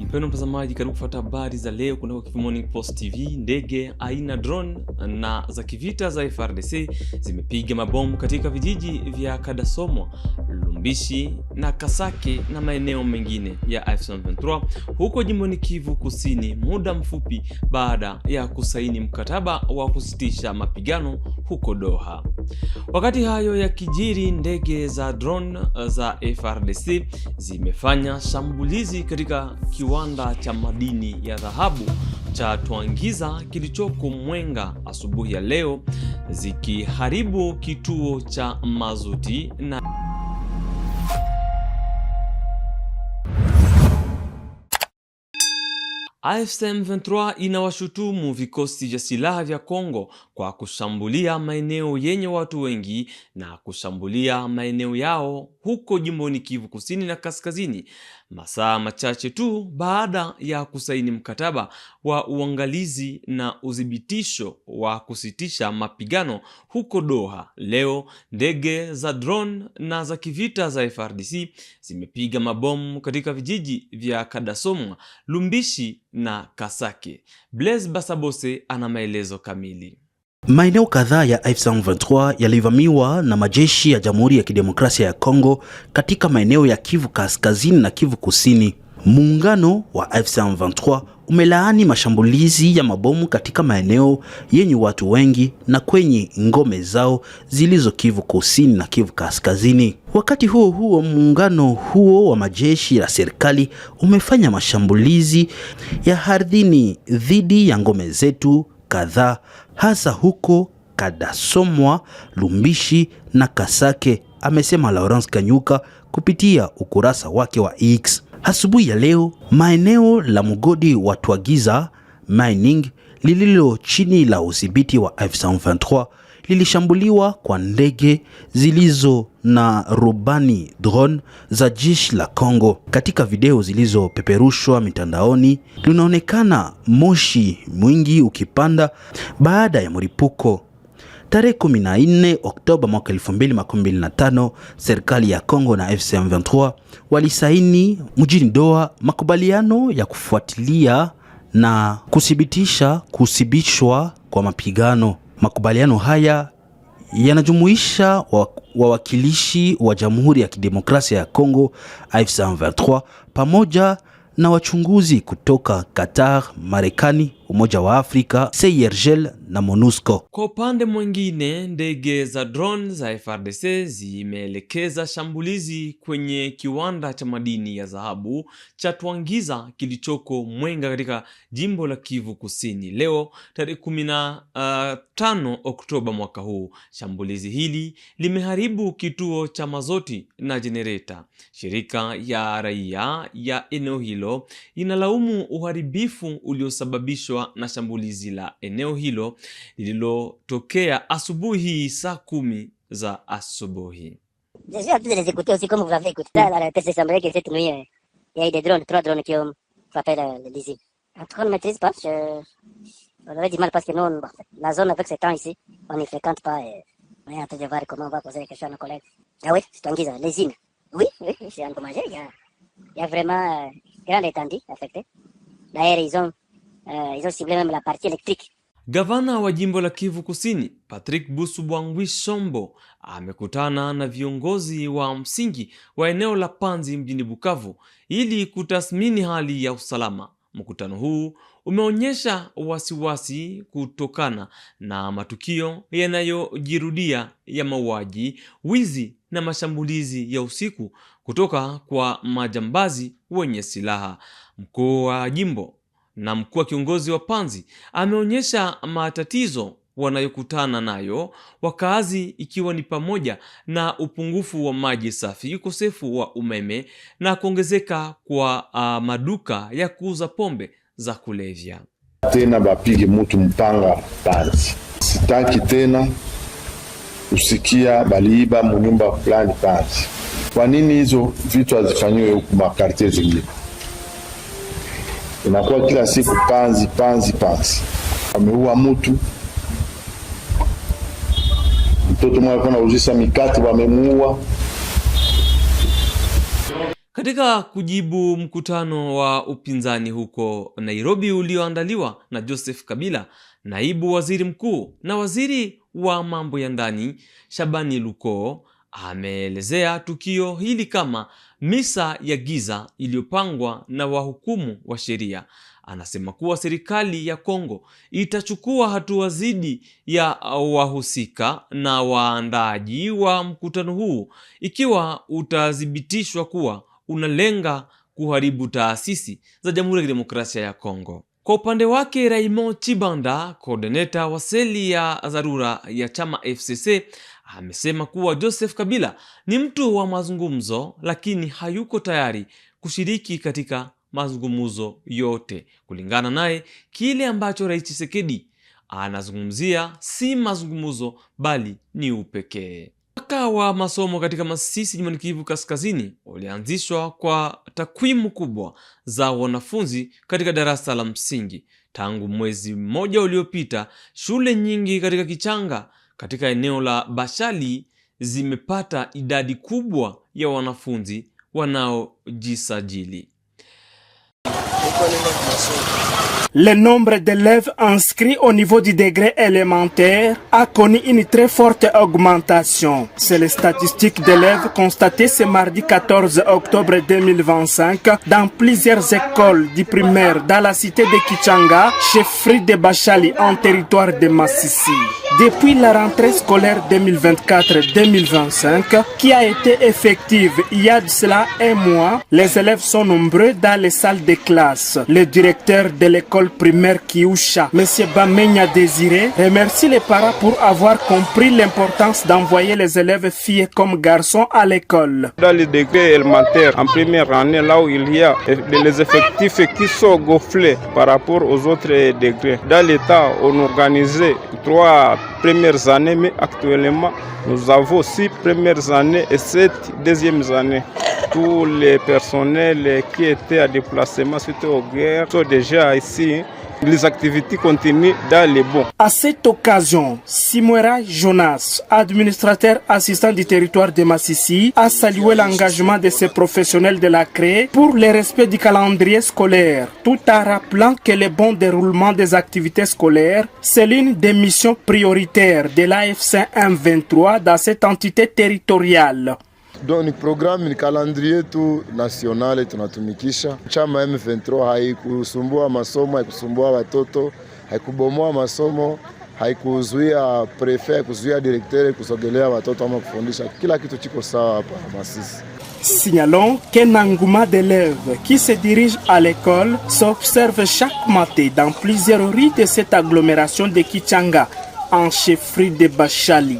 Mpendwa mtazamaji, karibu kufuata habari za leo kunako Kivu Morning Post TV. Ndege aina drone na za kivita za frdc zimepiga mabomu katika vijiji vya Kadasomo, Lumbishi na Kasake na maeneo mengine ya M23 huko jimboni Kivu Kusini, muda mfupi baada ya kusaini mkataba wa kusitisha mapigano huko Doha. Wakati hayo ya kijiri ndege za drone za frdc zimefanya shambulizi katika kiwanda cha madini ya dhahabu cha Twangiza kilichoko Mwenga asubuhi ya leo zikiharibu kituo cha mazuti na AFC M23 inawashutumu vikosi vya silaha vya Kongo kwa kushambulia maeneo yenye watu wengi na kushambulia maeneo yao huko jimboni Kivu Kusini na Kaskazini. Masaa machache tu baada ya kusaini mkataba wa uangalizi na uthibitisho wa kusitisha mapigano huko Doha, leo ndege za drone na za kivita za frdc zimepiga mabomu katika vijiji vya Kadasomwa, Lumbishi na Kasake. Blaise Basabose ana maelezo kamili. Maeneo kadhaa ya f 23 yalivamiwa na majeshi ya Jamhuri ya Kidemokrasia ya Kongo katika maeneo ya Kivu Kaskazini na Kivu Kusini. Muungano wa f 23 umelaani mashambulizi ya mabomu katika maeneo yenye watu wengi na kwenye ngome zao zilizo Kivu Kusini na Kivu Kaskazini. Wakati huo huo, muungano huo wa majeshi ya serikali umefanya mashambulizi ya ardhini dhidi ya ngome zetu kadhaa hasa huko Kadasomwa, Lumbishi na Kasake, amesema Laurence Kanyuka kupitia ukurasa wake wa X. Asubuhi ya leo maeneo la mgodi wa Twagiza Mining lililo chini la udhibiti wa f 23 lilishambuliwa kwa ndege zilizo na rubani drone za jeshi la Kongo. Katika video zilizopeperushwa mitandaoni, linaonekana moshi mwingi ukipanda baada ya mlipuko. Tarehe 14 Oktoba mwaka 2025, serikali ya Kongo na fcm M23 walisaini mjini Doha makubaliano ya kufuatilia na kuthibitisha kusibishwa kwa mapigano. Makubaliano haya yanajumuisha wawakilishi wa, wa Jamhuri ya Kidemokrasia ya Kongo AFC/M23 pamoja na wachunguzi kutoka Qatar, Marekani Umoja wa Afrika, seyergel na MONUSCO. Kwa upande mwingine, ndege za drone za frdc zimeelekeza shambulizi kwenye kiwanda cha madini ya dhahabu cha Twangiza kilichoko Mwenga katika jimbo la Kivu Kusini leo tarehe 15 uh, Oktoba mwaka huu. Shambulizi hili limeharibu kituo cha mazoti na jenereta. Shirika ya raia ya eneo hilo inalaumu uharibifu uliosababishwa N'a pas hilo Asubuhi za Asubuhi. J'ai envie de les écouter aussi comme vous avez écouté. Dans la tête, il semblait que cette il y a eu des drones, trois drones qui ont frappé la En tout cas, on ne maîtrise pas. On aurait du mal parce que nous, la zone avec ces temps ici, on ne fréquente pas et on est en train de voir comment on va poser les questions à nos collègues. Ah oui, c'est un guise, euh, les îles. Oui, oui, c'est un commandé. Il y a vraiment un euh, étendue affectée. affecté. D'ailleurs, ils ont. uh, eh, izosible la partie electrique. Gavana wa jimbo la Kivu Kusini Patrick Busubwangwi Shombo amekutana na viongozi wa msingi wa eneo la Panzi mjini Bukavu ili kutathmini hali ya usalama. Mkutano huu umeonyesha wasiwasi kutokana na matukio yanayojirudia ya mauaji, wizi na mashambulizi ya usiku kutoka kwa majambazi wenye silaha. Mkuu wa jimbo na mkuu wa kiongozi wa Panzi ameonyesha matatizo wanayokutana nayo wakazi, ikiwa ni pamoja na upungufu wa maji safi, ukosefu wa umeme na kuongezeka kwa uh, maduka ya kuuza pombe za kulevya. Tena bapige mutu mpanga Panzi, sitaki tena kusikia baliiba munyumba fulani Panzi. Kwa nini hizo vitu hazifanyiwe huku makartie zingine? inakuwa kila siku panzi panzi panzi, wameua mtu mtoto mmoja kuna uzisa mikate wamemuua. Katika kujibu mkutano wa upinzani huko Nairobi ulioandaliwa na Joseph Kabila, naibu waziri mkuu na waziri wa mambo ya ndani Shabani Lukoo ameelezea tukio hili kama misa ya giza iliyopangwa na wahukumu wa sheria. Anasema kuwa serikali ya Kongo itachukua hatua dhidi ya wahusika na waandaaji wa mkutano huu ikiwa utathibitishwa kuwa unalenga kuharibu taasisi za Jamhuri ya Kidemokrasia ya Kongo. Kwa upande wake Raymond Chibanda, coordinator wa seli ya dharura ya chama FCC, amesema kuwa Joseph Kabila ni mtu wa mazungumzo, lakini hayuko tayari kushiriki katika mazungumzo yote. Kulingana naye, kile ambacho Rais Tshisekedi anazungumzia si mazungumzo bali ni upekee. Mpaka wa masomo katika Masisi jimboni Kivu Kaskazini ulianzishwa kwa takwimu kubwa za wanafunzi katika darasa la msingi. Tangu mwezi mmoja uliopita, shule nyingi katika kichanga katika eneo la Bashali zimepata idadi kubwa ya wanafunzi wanaojisajili. Le nombre d'élèves inscrits au niveau du degré élémentaire a connu une très forte augmentation. C'est les statistiques d'élèves constatées ce mardi 14 octobre 2025 dans plusieurs écoles du primaire dans la cité de Kichanga, chez de Bachali en territoire de Massissi. Depuis la rentrée scolaire 2024-2025, qui a été effective il y a de cela un mois, les élèves sont nombreux dans les salles de classe. Le directeur de l'école primaire Kiusha. Monsieur Bamenya Désiré remercie les parents pour avoir compris l'importance d'envoyer les élèves filles comme garçons à l'école. Dans les degrés élémentaires, en première année, là où il y a les effectifs qui sont gonflés par rapport aux autres degrés. Dans l'État, on organisait trois premières années, mais actuellement, nous avons six premières années et sept deuxièmes années. Tous les personnels qui étaient à déplacement suite aux guerres sont déjà ici hein les activités continuent dans les bons. À cette occasion, Simouera Jonas, administrateur assistant du territoire de Massissi, a salué l'engagement de ses professionnels de la CRE pour le respect du calendrier scolaire, tout en rappelant que le bon déroulement des activités scolaires, c'est l'une des missions prioritaires de l'AFC 23 dans cette entité territoriale. Donc, ni programme, ni kalendrier yetu nasionale tunatumikisha. Chama M23 haikusumbua masomo, haikusumbua watoto, haikubomoa masomo, haikuzuia prefet, haikuzuia directeur kusogelea watoto ama kufundisha. Kila kitu chiko sawa hapa Masisi. Signalons qu'un engouement d'élèves qui se dirigent à l'école s'observe chaque matin dans plusieurs rues de cette agglomération de Kichanga, en chefferie de Bachali.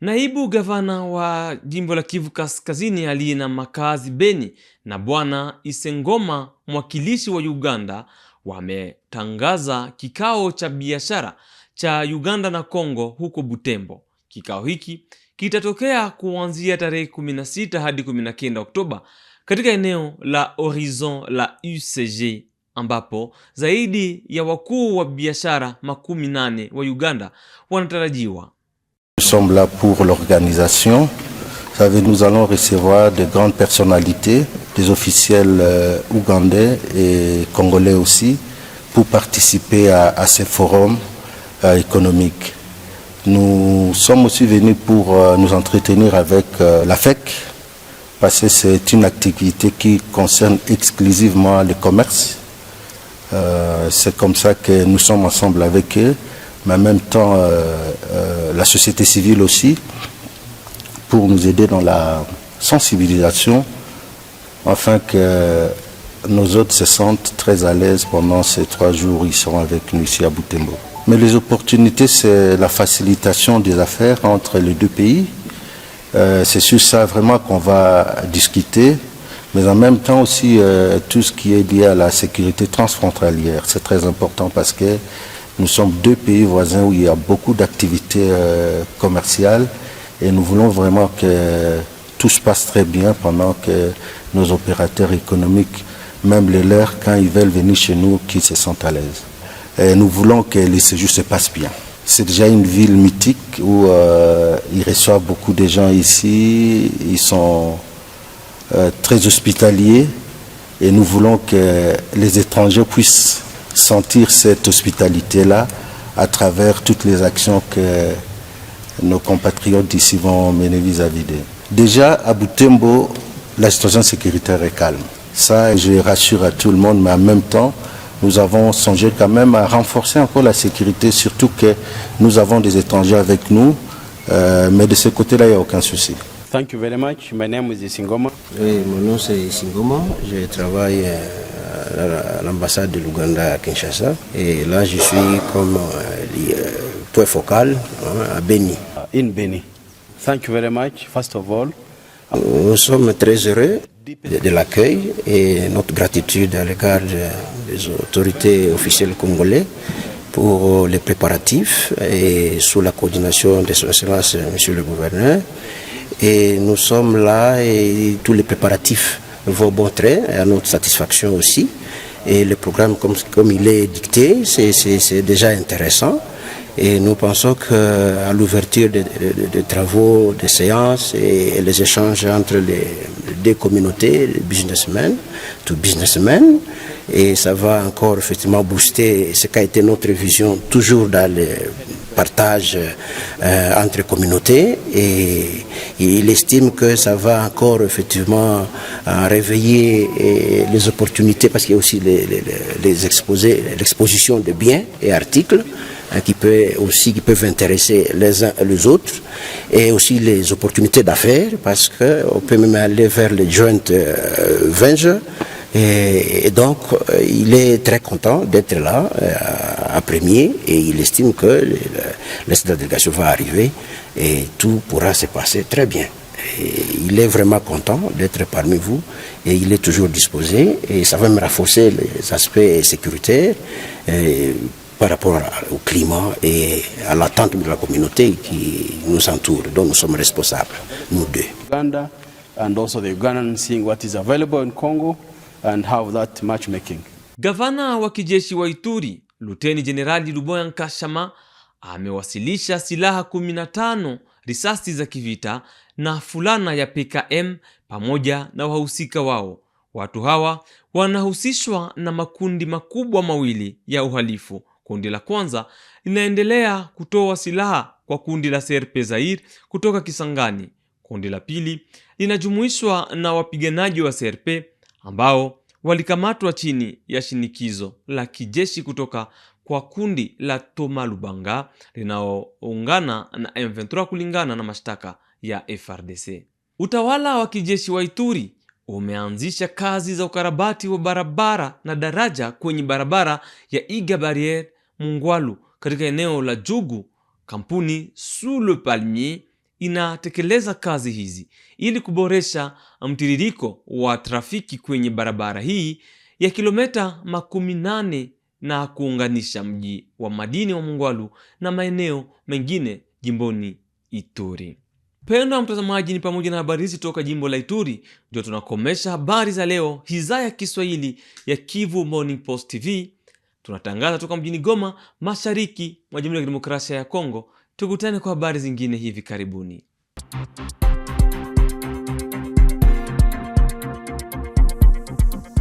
Naibu gavana wa jimbo la Kivu Kaskazini aliye na makazi Beni na bwana Isengoma mwakilishi wa Uganda wametangaza kikao cha biashara cha Uganda na Kongo huko Butembo. Kikao hiki kitatokea kuanzia tarehe 16 hadi 19 Oktoba katika eneo la Horizon la UCG ambapo zaidi ya wakuu wa biashara makumi nane wa Uganda wanatarajiwa Nous sommes là pour l'organisation. Vous savez, nous allons recevoir de grandes personnalités, des officiels euh, ougandais et congolais aussi, pour participer à, ces ce forum euh, économique. Nous sommes aussi venus pour euh, nous entretenir avec la FEC, parce que c'est une activité qui concerne exclusivement le commerce. c'est comme ça que nous sommes ensemble avec eux mais en même temps euh, euh, la société civile aussi, pour nous aider dans la sensibilisation, afin que nos hôtes se sentent très à l'aise pendant ces trois jours. Ils sont avec nous ici à Boutembo. Mais les opportunités, c'est la facilitation des affaires entre les deux pays. Euh, c'est sur ça vraiment qu'on va discuter. Mais en même temps aussi, tout ce qui est lié à la sécurité transfrontalière, c'est très important parce que nous sommes deux pays voisins où il y a beaucoup d'activités euh, commerciales et nous voulons vraiment que tout se passe très bien pendant que nos opérateurs économiques, même les leurs, quand ils veulent venir chez nous, qu'ils se sentent à l'aise. nous voulons que les séjours se passent bien. C'est déjà une ville mythique où euh, ils reçoivent beaucoup de gens ici, ils sont euh, très hospitaliers et nous voulons que les étrangers puissent sentir cette hospitalité-là à travers toutes les actions que nos compatriotes d'ici vont mener vis-à-vis d'eux. Déjà, à Boutembo, la situation sécuritaire est calme. Ça, je rassure à tout le monde, mais en même temps, nous avons songé quand même à renforcer encore la sécurité, surtout que nous avons des étrangers avec nous. Euh, mais de ce côté-là, il n'y a aucun souci. Thank you very much. My name is Singoma. mon nom c'est Singoma. Je travaille euh, l'ambassade de l'Ouganda à Kinshasa. Et là, je suis comme euh, euh, point focal hein, à Beni. In Beni. Thank you very much, first of all. Nous sommes très heureux de, l'accueil et notre gratitude à l'égard des autorités officielles congolaises pour euh, les préparatifs et sous la coordination de son excellence, monsieur le gouverneur. Et nous sommes là et tous les préparatifs vont bon et à notre satisfaction aussi. Et le programme, comme, comme il est dicté, c'est déjà intéressant. Et nous pensons qu'à l'ouverture des travaux, des séances et, les échanges entre les deux communautés, les businessmen, tout businessmen, et ça va encore effectivement booster ce qu'a été notre vision toujours dans les partage euh, entre communautés et, il estime que ça va encore effectivement euh, réveiller les opportunités parce qu'il y a aussi les, les, l'exposition de biens et articles hein, qui peut aussi qui peuvent intéresser les uns les autres et aussi les opportunités d'affaires parce qu'on peut même aller vers les joint euh, ventures et, donc, euh, il est très content d'être là, à euh, premier, et il estime que le, de la délégation va arriver et tout pourra se passer très bien. il est vraiment content d'être parmi vous et il est toujours disposé et ça va me renforcer les aspects sécuritaires par rapport au climat et à l'attente de la communauté qui nous entoure, dont nous sommes responsables, nous deux. Uganda and also the seeing what is available in Congo. and have that matchmaking. Gavana wa kijeshi wa Ituri Luteni Jenerali Luboya Nkashama amewasilisha silaha 15 risasi za kivita na fulana ya PKM pamoja na wahusika wao. Watu hawa wanahusishwa na makundi makubwa mawili ya uhalifu. Kundi la kwanza linaendelea kutoa silaha kwa kundi la Serpe Zair kutoka Kisangani. Kundi la pili linajumuishwa na wapiganaji wa Serpe ambao walikamatwa chini ya shinikizo la kijeshi kutoka kwa kundi la Toma Lubanga linaoungana na M23 kulingana na mashtaka ya FRDC. Utawala wa kijeshi wa Ituri umeanzisha kazi za ukarabati wa barabara na daraja kwenye barabara ya Iga Barriere Mungwalu katika eneo la Jugu, kampuni Sous le Palmier inatekeleza kazi hizi ili kuboresha mtiririko wa trafiki kwenye barabara hii ya kilometa makumi nane na kuunganisha mji wa madini wa Mungwalu na maeneo mengine jimboni Ituri. Pendwa mtazamaji, ni pamoja na habari hizi toka jimbo la Ituri. Ndio tunakomesha habari za leo, hiza ya Kiswahili ya Kivu Morning Post TV. Tunatangaza toka mjini Goma, mashariki mwa Jamhuri ya Kidemokrasia ya Kongo. Tukutane kwa habari zingine hivi karibuni.